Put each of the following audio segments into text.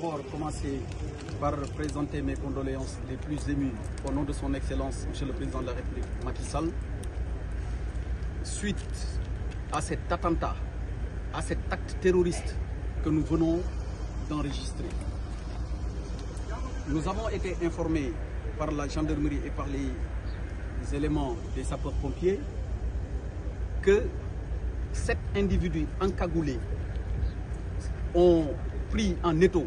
d'abord commencer par présenter mes condoléances les plus émues au nom de son Excellence, Monsieur le Président de la République, Macky Sall. Suite à cet attentat, à cet acte terroriste que nous venons d'enregistrer. Nous avons été informés par la gendarmerie et par les éléments des sapeurs-pompiers que sept individus encagoulés ont pris en étau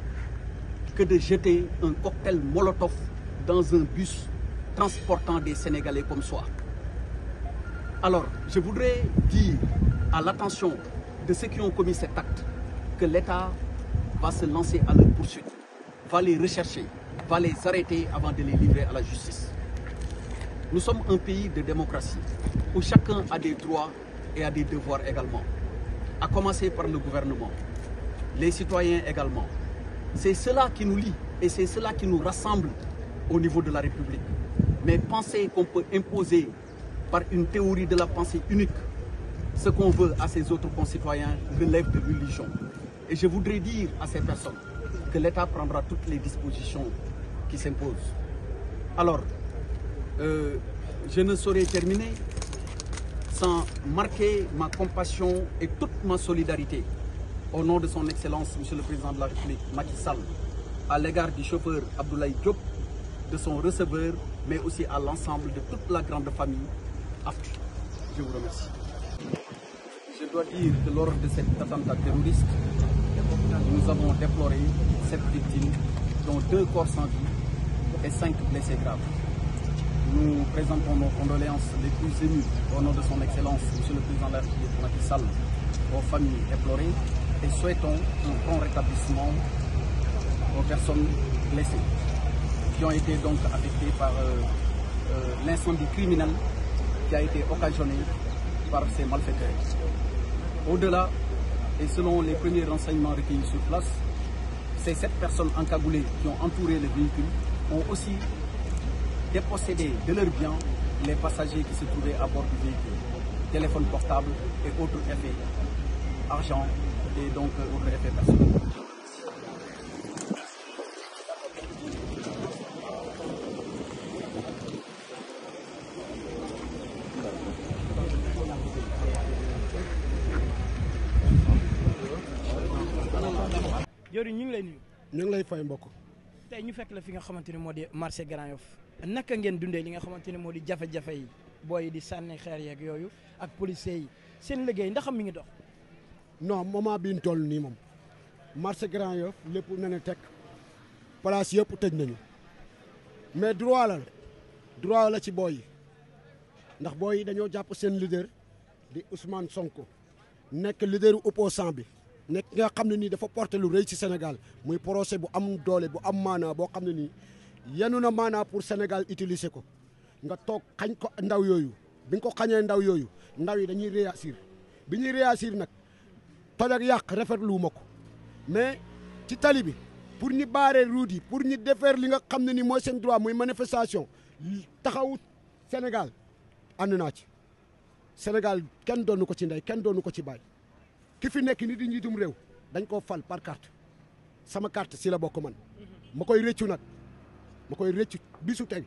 que de jeter un cocktail Molotov dans un bus transportant des Sénégalais comme soi. Alors, je voudrais dire à l'attention de ceux qui ont commis cet acte que l'État va se lancer à leur poursuite, va les rechercher, va les arrêter avant de les livrer à la justice. Nous sommes un pays de démocratie où chacun a des droits et a des devoirs également, à commencer par le gouvernement, les citoyens également, C'est cela qui nous lie et c'est cela qui nous rassemble au niveau de la République. Mais penser qu'on peut imposer par une théorie de la pensée unique ce qu'on veut à ses autres concitoyens relève de religion. Et je voudrais dire à ces personnes que l'État prendra toutes les dispositions qui s'imposent. Alors, euh, je ne saurais terminer sans marquer ma compassion et toute ma solidarité au nom de son excellence monsieur le président de la République Macky Sall à l'égard du chauffeur Abdoulaye Diop de son receveur mais aussi à l'ensemble de toute la grande famille AFTU je vous remercie je dois dire que lors de cet attentat terroriste nous avons déploré cette victime dont deux corps sans vie et cinq blessés graves nous présentons nos condoléances les plus émues au nom de son le président de la familles déplorées et souhaitons un prompt rétablissement aux personnes blessées qui ont été donc affectées par euh, euh criminel qui a été occasionné par ces malfaiteurs. Au-delà, et selon les premiers renseignements recueillis sur place, ces sept personnes encagoulées qui ont entouré le véhicule ont aussi dépossédé de leurs biens les passagers qui se trouvaient à bord du véhicule, téléphone portable et autres effets, argent et euh, ñu ngi lay nuyu. ñu ngi lay fay mbokk. tey ñu fekk la fi nga xamante ne moo di marché Grand Yoff naka ngeen dundee li nga xamante ne moo di jafe-jafe yi booy di sànni xeer yeeg yooyu ak policiers yi seen liggéey ndaxam mi ngi dox. non moment bi ñu toll nii moom marché Grand Yoff lépp na ne teg place yëpp tëj nañu mais droit la la ci booyi ndax booy yi dañoo jàpp seen leader di Ousmane Sonko nekk leader opposant bi nekk nga xam ne nii dafa porté lu rëy ci Sénégal muy procès bu am doole bu am maanaa boo xam ne nii yenu na maanaa pour Sénégal utiliser ko nga toog xañ ko ndaw yooyu bi ko xañee ndaw yooyu ndaw yi dañuy réagir bi ñuy réagir nag. parce que yàq rafetlu ma ko mais ci tali bi pour ñu baaree route yi pour ñu defeer li nga xam ne ni mooy seen droit muy manifestation taxawu Sénégal ànd naa ci Sénégal kenn nu ko ci ndey kenn doon nu ko ci baay ki fi nekk ni di njiitum réew dañ koo fal par carte sama carte si la bokk man ma koy rëccu nag ma koy rëccu bisu tey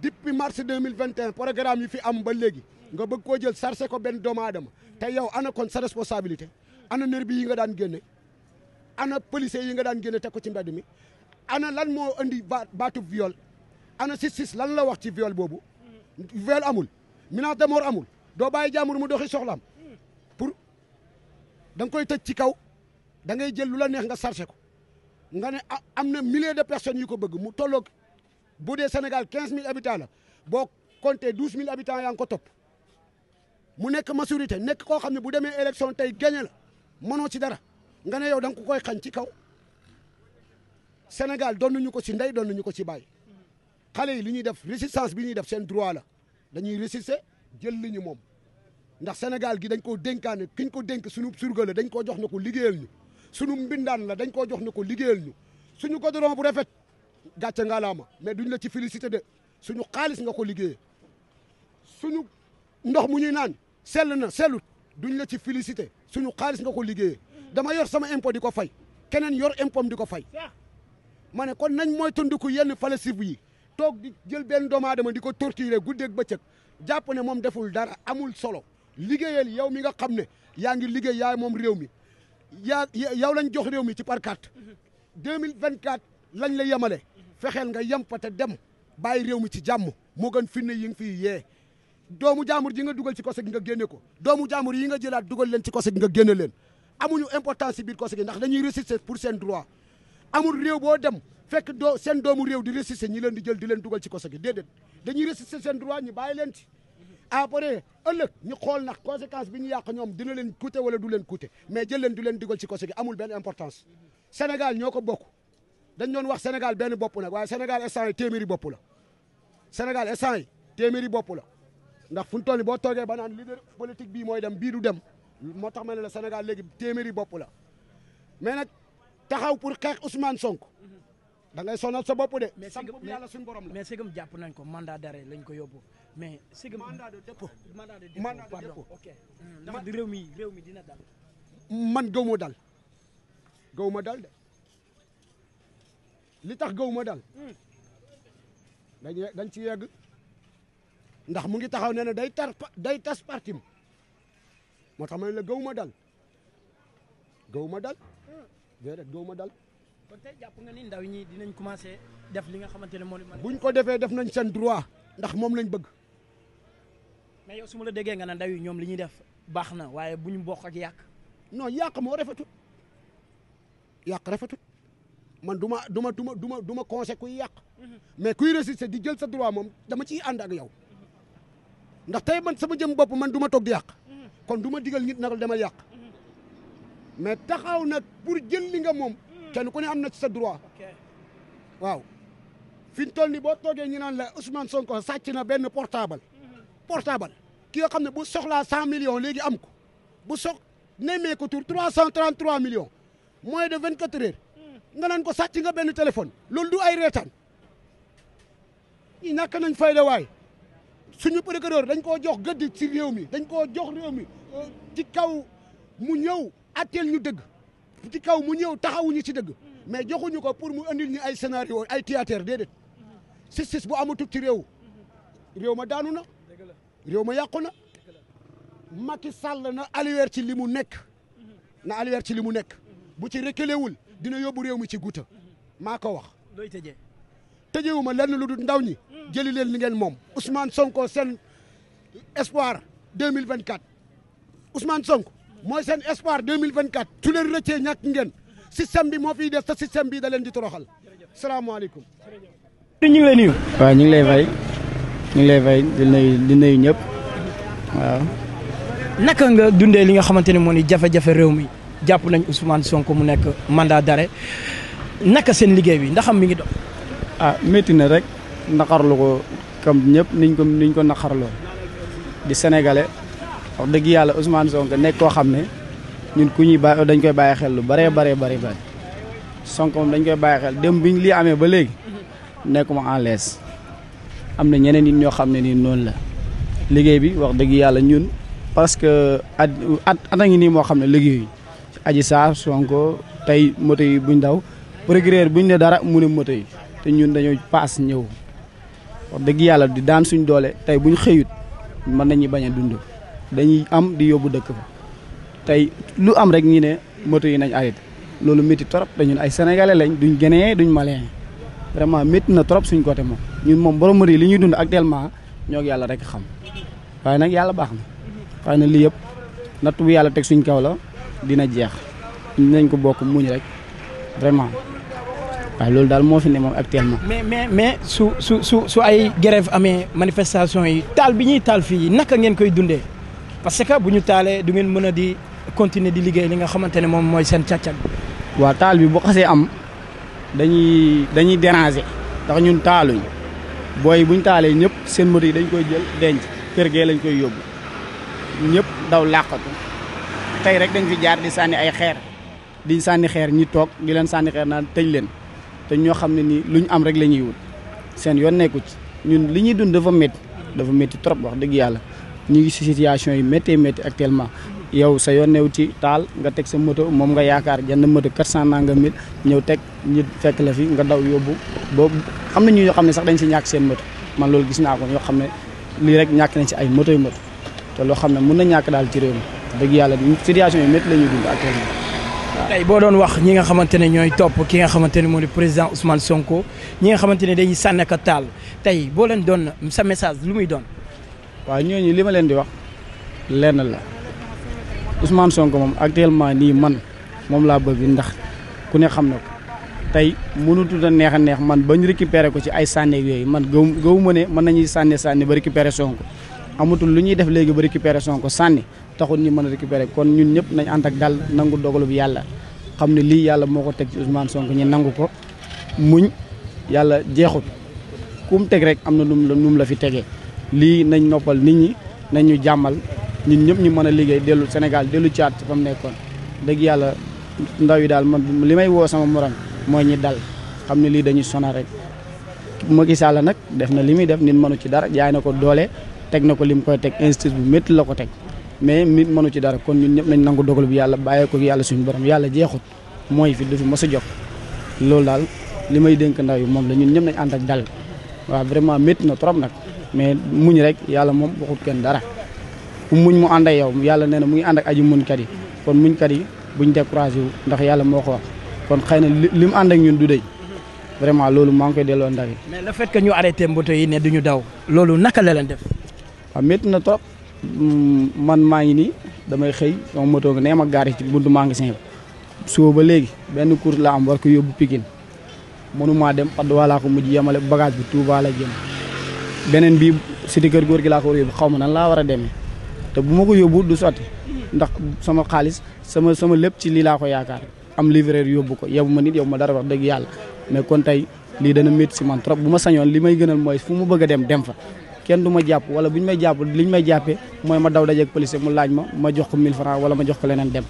depuis mars deux mille vingt et un programme yi fi am ba léegi. nga bëgg koo jël sarse ko benn doomaadama aadama te yow ana kon sa responsabilité ana nerbi yi nga daan génne ana policier yi nga daan génne te ko ci mbedd mi ana lan moo indi baatu viol ana sis lan la wax ci viol boobu viol amul menace de mort amul doo bàyyi jàmbur mu doxi soxlaam pour danga nga koy tëj ci kaw da ngay jël lu la neex nga sarse ko nga ne ah, am na milliers de personnes yi ko bëgg mu tolloog bu dee senegal quinze mille habitants la boo compté douze mille habitants yaa ngi ko topp mu nekk maturité nekk koo xam ne bu demee élection tey gagné la mënoo ci dara nga ne yow da koy xañ ci kaw Sénégal donnuñu ko ci ndey donnuñu ko ci bàyyi xale yi li ñuy def résistance bi ñuy def seen droit la dañuy resise jël li ñu moom ndax Sénégal gi dañ koo dénkaane kiñ ko dénk suñu surga la dañ koo jox ne ko liggéeyal ñu suñu mbindaan la dañ koo jox ne ko liggéeyal ñu suñu goudron bu rafet gàcce ma mais duñu la ci félicité de suñu xaalis nga ko liggéeyee suñu ndox mu ñuy naan sell na sellut duñu la ci félicité suñu xaalis nga ko liggéeyee dama yor sama impôt di ko fay keneen yor impôt di ko fay ma ne kon nañ mooy tundiku yenn falasif yi toog di jël benn doomu aadama di ko torturer guddeeg bëccëg jàpp ne moom deful dara amul solo liggéeyal yow mi nga xam ne yaa ngi liggéey yaay moom réew mi yaa yow lañ jox réew mi ci par carte 2024 lañ la yemale fexeel nga yem fa te dem bàyyi réew mi ci jàmm moo gën finne yi nga fiy yee doomu jaamur ji nga dugal ci kose nga génne ko doomu jaamur yi nga jëlaat dugal leen ci kose gi nga génne leen amuñu importance ci biir kose ndax dañuy résister pour seen droit amul réew boo dem fekk doo seen doomu réew di résister ñi leen di jël di leen dugal ci kose gi déedéet dañuy résister seen droit ñu bàyyi leen ci après ëllëg ñu xool nag conséquence bi ñu yàq ñoom dina leen coûter wala du leen coûter mais jël leen du leen dugal ci kose gi amul benn importance Sénégal ñoo ko bokk dañ doon wax Sénégal benn bopp nag waaye Sénégal instant téeméeri bopp la Sénégal instant yi téeméeri bopp la ndax fu ñu toll nii boo toogee ba naan leader politique bii mooy dem bii du dem moo tax ma ne la Sénégal léegi téeméeri bopp la mais nag taxaw pour xeex Ousmane Sonko da ngay sonal sa bopp de. mais sëgëm yàlla suñu borom la mais sëgëm jàpp nañ ko mandat d'arrêt lañ ko yóbbu mais. sëgëm mandat de dépôt mandat de dépôt pardon ok. ndax réew mi réew mi dina dal. man gaw ma dal ma dal de li tax gaw ma dal. Hmm. dañ dañ ci yegg. ndax mu ngi taxaw ne ne day tar day tas partim moo tax ma ne gaw ma dal gaw ma dal déedéet ma dal. kon tey jàpp nga ni ndaw ñi dinañ commencé def li nga xamante ne moo buñ ko defee def nañ seen ndax moom lañ bëgg. mais yow su ma la déggee nga ne ndaw yi ñoom li ñuy def baax na waaye bu ñu bokk ak yàq. non yàq moo rafetut yàq rafetut man du ma du ma du ma du ma conseil kuy yàq. Mhm. mais kuy résister di jël sa droit moom dama ci ànd ak yow. ndax tey man sama jëm bopp man du ma toog di yàq kon du ma digal nit nag demal yàq mais taxaw nag pour jël li nga moom kenn ku ne am na ci sa droit waaw fi ñu toll nii boo toogee ñu naan la Ousmane Sonko sàcc na benn portaabal portaabal ki nga xam ne bu soxlaa cent millions léegi am ko bu sox nemmee ko tur trois cent trente trois millions de vingt quatre heures nga naan ko sàcc nga benn téléphone loolu du ay reetaan ñi ñàkk nañ fayda waay suñu procureur dañ koo jox gëdd ci réew mi dañ koo jox réew mi euh, ci kaw mu ñëw atteel ñu dëgg ci kaw mu ñëw taxawuñu ci dëgg mais joxuñu ko pour mu andil ñu ay scénario ay théâtre déedéet justice bu amatul ci réew réew ma daanu na réew ma yàqu na Macky Sall na aliweer ci li mu nekk na aliweer ci li mu nekk bu ci reculé wul dina yóbbu réew mi ci guuta maa ko wax. tëjewuma lenn lu dul ndaw ñi mm. jëli leen li ngeen moom Ousmane Sonko seen espoir 2024 usmaan Sonko mooy seen espoir 2024 su leen rëccee ñàkk ngeen système bi moo fiy def te système bi da leen di toroxal salaamaaleykum. ñu ngi lay nuyu. waaw ñu ngi lay fay ñu ngi lay fay di di nuyu ñëpp waaw. naka nga dundee li nga xamante ne moo ni jafe-jafe réew mi jàpp nañ Ousmane Sonko mu nekk mandat d'arrêt naka seen liggéey bi ndaxam mi ngi dox. ah métti na rek naqarlu ko comme ñëpp niñ ko niñ ko naqarloo di sénégalais wax dëgg yàlla Ousmane Sonko nekk koo xam ne ñun ku ñuy bàyyi dañ koy bàyyi xel lu baree baree bari bari Sonko moom dañ koy bàyyi xel dem biñ lii amee ba léegi nekkuma en l'aise am na ñeneen nit ñoo xam ne nii noonu la liggéey bi wax dëgg yàlla ñun parce que at at at a nii moo xam ne liggéey aji saa Sonko tey moto yi buñ daw procureur buñ ne dara mu ne moto yi te ñun dañoo paas ñëw wax dëgg yàlla di daan suñ doole tey buñ xëyut mën nañu bañ a dund dañuy am di yóbbu dëkk fa tey lu am rek ñi ne moto yi nañ arrêté loolu métti trop te ñun ay sénégalais lañ duñ guinéen duñ malien vraiment métti na trop suñ côté moom ñun moom borom mëri li ñuy dund actuellement ñoog yàlla rek xam waaye nag yàlla baax na waaye nag lii yëpp natt bu yàlla teg suñ kaw la dina jeex nañ ko bokk muñ rek vraiment waaye loolu daal moo fi ne moom actuellement. mais mais mais su su su su ay grève amee manifestation yi taal bi ñuy taal fii naka ngeen koy dundee parce que bu ñu taalee du ngeen mën a di continuer di liggéey li nga xamante ne moom mooy seen càccañ. waa taal bi bu xasee am dañuy dañuy déranger ndax ñun taaluñ booy bu ñu taalee ñëpp seen moto yi dañ koy jël denc kër gee lañ koy yóbbu ñëpp daw làqatu tey rek dañ fi jaar di sànni ay xeer di sànni xeer ñi toog di leen sànni xeer naan tëj leen. te ñoo xam ne nii lu ñu am rek la ñuy wut seen yoon nekku ci ñun li ñuy dund dafa métti dafa métti trop wax dëgg yàlla ñu ngi si situation yi méttee métti actuellement yow sa yoon new ci taal nga teg sa moto moom nga yaakaar jënd moto quatre cent nangam ñëw teg ñu fekk la fi nga daw yóbbu boobu xam na ñu xam ne sax dañ si ñàkk seen moto man loolu gis naa ko ñoo xam ne lii rek ñàkk nañ si ay moto yu moto te loo xam ne mun na ñàkk daal ci réew mi dëgg yàlla situation yi métti la ñuy dund actuellement tey boo doon wax ñi nga xamante ne ñooy topp ki nga xamante ne moo di président Ousmane Sonko ñi nga xamante ne dañuy sànni taal tey boo leen doon na sa message lu muy doon. waaw ñooñu li ma leen di wax lenn la Ousmane Sonko moom actuellement nii man moom laa bëgg ndax ku ne xam na ko tey mënutu da neex a neex man bañ ñu ko ci ay sànneeg yooyu man gëw gëw ma ne mën nañuy sànni sànni ba récupéré Sonko amatul lu ñuy def léegi ba récupéré Sonko sànni taxul ñu mën a récupéré kon ñun ñëpp nañ ànd ak dal nangu dogalu bi yàlla xam ne lii yàlla moo ko teg ci Ousmane Sonko ñu nangu ko muñ yàlla jeexut ku teg rek am na nu la fi tegee lii nañ noppal nit ñi nañ ñu jàmmal ñun ñëpp ñu mën a liggéey dellu senegal dellu caat fa mu nekkoon dëgg yàlla ndaw yi daal man li may woo sama morom mooy ñi dal xam ne lii dañuy sonal rek Macky Sall nag def na li muy def nit mënu ci dara jaay na ko doole teg na ko li mu koy teg institut bu métti la ko teg mais mi mënu ci dara kon ñun ñëpp nañ nangu dogal bi yàlla bàyyee ko yàlla suñu borom yàlla jeexut mooy fi du fi mos a loolu daal li may dénk ndaw yi moom la ñun ñëpp nañ ànd ak dal waaw vraiment métti na trop nag mais muñ rek yàlla moom waxut kenn dara ku muñ mu ànd ak yow yàlla nee na mu ngi ànd ak aji muñkat yi kon muñkat yi buñ découragé wu ndax yàlla moo ko wax kon xëy na li mu ànd ak ñun du dey vraiment loolu maa ngi koy delloo ndaw yi. mais le fait ñu arrêté moto yi ne duñu daw. loolu naka la leen def. waaw métti na trop. Mm, man maa ngi nii damay xëy sama moto nga nee ma gaari ci buntu magasin ba suba ba léegi benn course la am war ko yóbbu Pikine mënumaa dem padd wala ko mujj yemale bagage bi Touba la jëm beneen bii cité kër góor gi laa ko war a yóbbu xaw ma nan laa war a demee te bu ma ko yóbbu du sotti ndax sama xaalis sama sama lépp ci lii laa ko yaakaar am livreur yóbbu ko yow ma nit yow ma dara wax dëgg yàlla mais kon tey lii dana métti si man trop bu ma sañoon li may gënal mooy fu mu bëgg a dem dem fa kenn du ma jàpp wala bu ñu may jàpp li ñu may jàppee mooy ma daw dajeeg police mu laaj ma ma jox ko 1000 francs wala ma jox ko leneen dem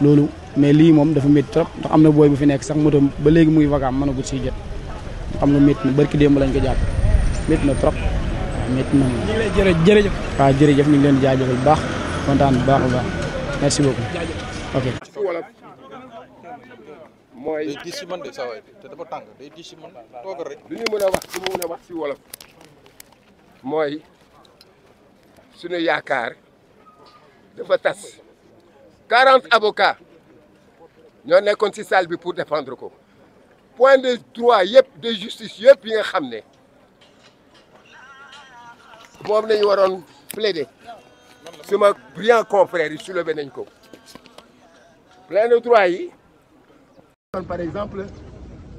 loolu mais lii moom dafa métti trop ndax am na booy bu fi nekk sax moto ba léegi muy vacam man a gut siy jot xam nga métti na barki démb lañ ko jàpp métti na trop métti na moom waaw jërëjëf ñu ngi leen jaajëfal bu baax kontaan bu baax bu baax merci beaucoup ok mooy day diis si de saa waay te dafa tàng day a wax du mooy suñu yaakaar dafa tas quarante avocats ñoo nekkoon si salle bi pour défendre ko point de trois yëpp de justice yëpp yi nga xam ne moom nañu waroon plaider suma brillant confrère yi soulevé nañ ko plein de droit yi par exemple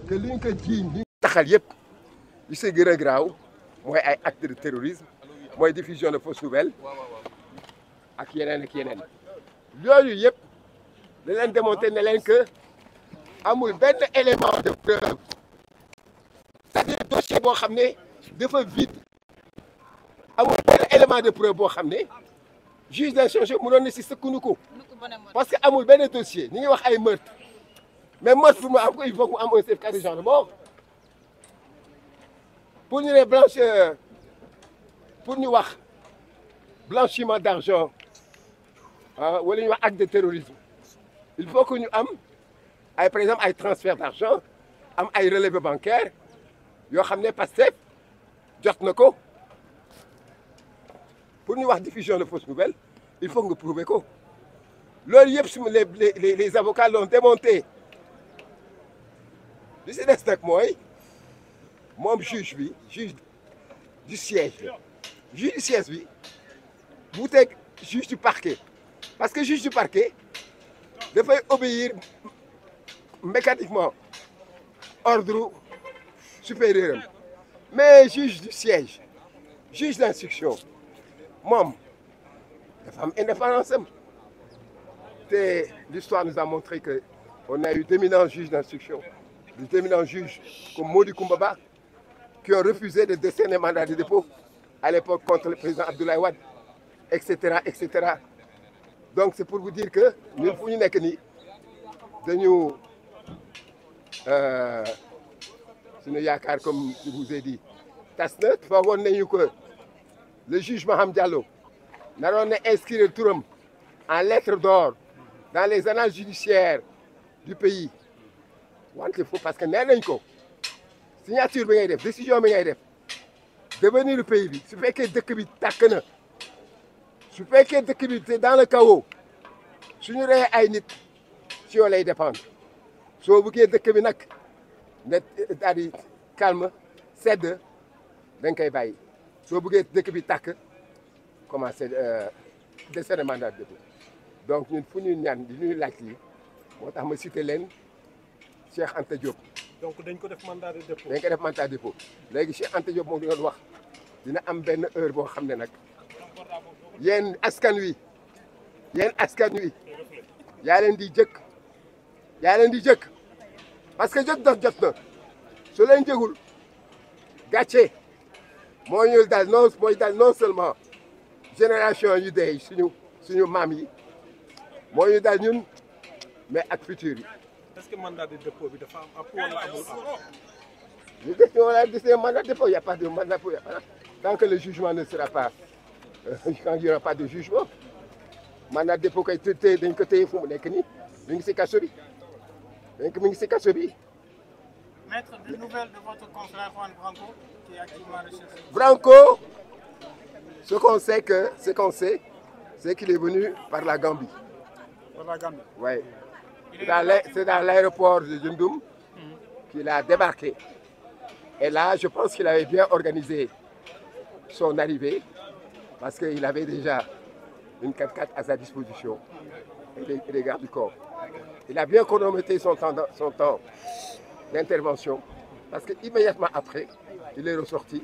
que liñ ko jiiñ liñ taxal yëpp graaw mooy ay acte de terrorisme mooy diffusion de fausses nouvelles ak yeneen ak yeneen yooyu yëpp da leen démontré ne leen que amul benn élément de preuve cest dire dossier boo xam ne dafa vide amul benn élément de preuve boo xam ne juge d'instruction mënoon na si sëkkandiku parce que amul benn dossier ñu ngi wax ay meurtre mais meurtre mu am ko il faut mu am un de genre mort pour ñu ne pour ñu wax blanchiment d' argent ah wala ñu wax acte de terrorisme il faut que ñu am ay par exemple ay transfert d' am ay relevé bancaire yoo xam ne Pastef jot na ko pour ñu wax diffusion de fausses nouvelles il faut nga prouver ko loolu yëpp su les les avocats l'ont démonté li si des nag mooy. moom juge bi juge du siège la juge du bi bu teg juge du parquet parce que juge du parquet dafay obéir mécaniquement ordre supérieur am mais juge du siège juge d'instruction moom dafa am indépendance am te l'histoire nous a montré que on a eu d'éminents juges d'instruction des éminents juges comme Mody Coumbaba qui ont refusé de décerner mandat de dépôt à l'époque contre le président Abdoulaye Wade etc etc donc c'est pour vous dire que ñun fu ñu nekk nii dañu euh, suñu yaakaar comme je vous ai dit tas na foogoon nañu que le juge Maham Diallo naroon na inscrire turam en lettres d'or dans les annales judiciaires du pays wante foofu parce que nee nañ ko signature bi ngay def décision bi ngay def devenir pays bi su fekkee dëkk bi takk na su fekkee dëkk bi te dans le chaos suñu ree ay nit ci yow lay dépendre soo buggee dëkk bi nag ne daal di sedd da nga koy bàyyi soo buggee dëkk bi takk commencé euh, décerner mandat de dépôt donc ñun fu ñuy ñaan di ñuy laaj moo tax ma cité leen Cheikh Anta Diop donc dañ ko def mandat de dépôt. dañ ko def mandat de dépôt léegi Cheikh Anta Diop moom di doon wax dina am benn heure boo xam ne nag yéen askan wi yéen askan wi yaa leen di jëkk yaa leen di jëkk parce que jot daf jot na su leen jëgul gàcce moo ñu dal non mooy dal non yu dee suñu suñu maam yi moo ñu dal ñun mais ak futur yi. est que mandat de dépôt bi dafa am appui wala amul appui. la gis ne mandat de dépôt il a pas de mandat pour tant que le jugement ne sera pas euh, quand il n'y pas de jugement mandat de dépôt kay tey dañ ko téye fu mu nekk nii mi ngi si kaso Branco Branco ce qu'on ce qu'on c'est qu'il est venu par la Gambie. par C'est dans l'aéroport de Yundum qu'il a débarqué. Et là, je pense qu'il avait bien organisé son arrivée parce qu'il avait déjà une 4x4 à sa disposition et les, gardes du corps. Il a bien chronométré son temps d'intervention parce qu'immédiatement après, il est ressorti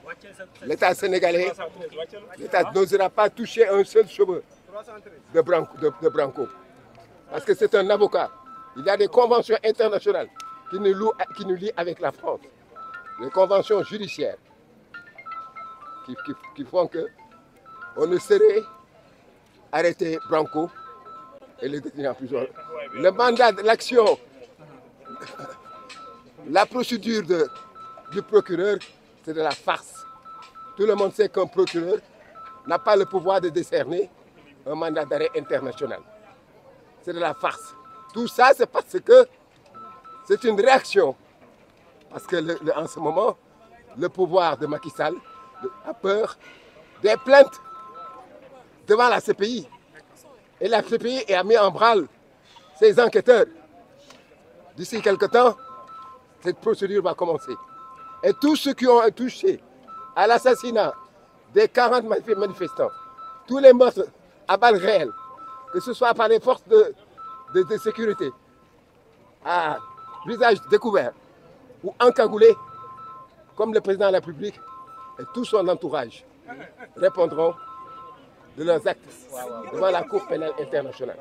L'État sénégalais, l'État n'osera pas toucher un seul cheveu de Branco, Parce que c'est un avocat. Il y a des conventions internationales qui nous, lient avec la France. Les conventions judiciaires qui, font que on ne saurait arrêter Branco et les détenus en prison. Le mandat de l'action, la procédure du procureur, c'est de la farce. Tout le monde sait qu'un procureur n'a pas le pouvoir de décerner un mandat d'arrêt international. C'est de la farce. Tout ça, c'est parce que c'est une réaction. Parce que le, le, en ce moment, le pouvoir de Macky Sall a peur des plaintes devant la CPI. Et la CPI a mis en branle ses enquêteurs. D'ici quelques temps, cette procédure va commencer. Et tous ceux qui ont touché à l'assassinat des 40 manifestants, tous les meurtres à balles réelles, que ce soit par les forces de, sécurité, à visage découvert ou encagoulé, comme le président de la République et tout son entourage répondront de leurs actes devant la Cour pénale internationale.